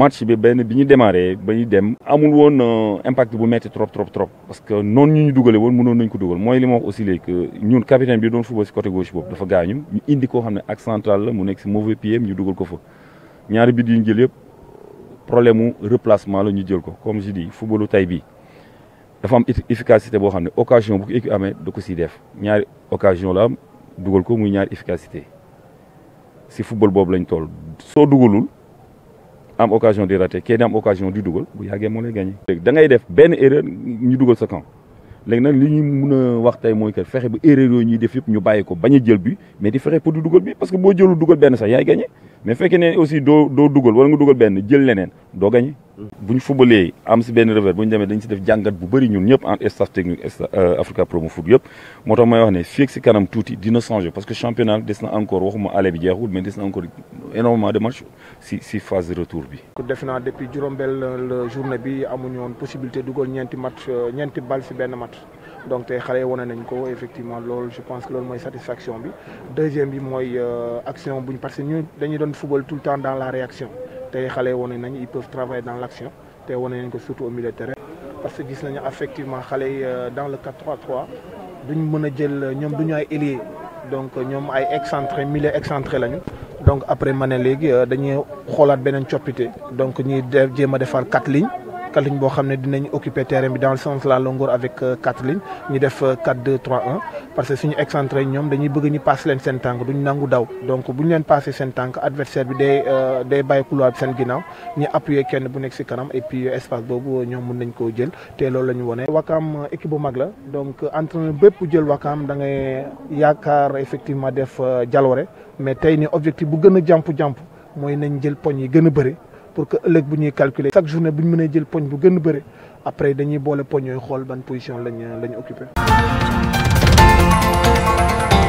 match bi ben biñu ñu démarré ba ñu dem amul won euh, impact bu metti trop trop trop parce que non ñu ñu dugale woon mënoon nañ ko dugal moy li ma wax aussi lé que ñun capitaine bi doon football ci côté gauche bop dafa gaañu ñu indi ko xamné ne ak central la mu nekk si mauvais pied ñu dugal ko fa ñaari bit yu ñu jël yépp problème mu replacement la ñu jël ko comme je dis footballu tay bi dafa am efficacité bo xamné occasion bu équipe amee da ko siy def ñaari occasion la am dugal ko muy ñaari efficacité si football boobu lañ toll so dugalul am occasion di raté kii am occasion du dugal bu yàggee mo lay gagné. léegi da ngay def ben erreur ñu dougal sa camp légui nak li ñu mëna wax tay moy que fexé bu erreur yo ñuy def yëpp ñu bàyyi ko bañ jël bi mais di fexe pour du dugal bi parce que bo jëlul dougal ben sax yaay gagné mais fekkee né aussi do do dougal wala nga dougal ben jël leneen do gagné. buñu ñu am ci ben revers buñu démé dañ ci def jangat bu bari ñun ñëpp en staff technique euh, Africa Promo Foot yëpp motax tax may wax né fii ak si kanam tuuti dina changé parce que championnat des na encore waxuma ale bi jeexul mais des na encore énormément de matchs si si phase de retour bi. ko defna depuis juróom le journée bi amuñu possibilité possibilité de ñenti match euh, ñenti bal ci ben match donc tay xalé woné nañ ko effectivement je pense que c'est une satisfaction bi deuxième bi euh, action buñ parce que ñu dañuy du football tout le temps dans la réaction tay xalé nañ ils peuvent travailler dans l'action, nañ ko surtout au milieu de terrain. parce que gis effectivement xalé euh, dans le 4-3-3 duñ mëna jël ñom duñu donc ñom ay excentré mille excentré lañu donc après ma ne euh, dañuy xoolaat benen chopité donc ñi jéem a quatre lignes quatre lignes boo ne dinañ occuper terrain bi dans le sens la longueur avec euh, quatre lignes ñu def 4 2 3 1 parce que suñu excentré ñom dañuy bëgg ñu passe leen sen tank duñ nangu daw donc buñ ñu leen passé seen adversaire bi day euh, day bàyyi couloir bi seen ginnaaw appuyer kenn bu nekk si kanam et puis euh, espace bobu ñom mun nañ koo jël té loolu la woné wakam équipe bu mag la donc entraîneur bëpp jël wakam da ngay yaakaar effectivement def jaloore mais tey ni objectif bu gëna jampu jampu moy nañ jël poñ yi gën pour que ëllëg bu ñuy calculer chaque journée buñ ñu jël poñ bu gën bëré après dañuy boole poñ yooyu xol ban position lañ lañ occuper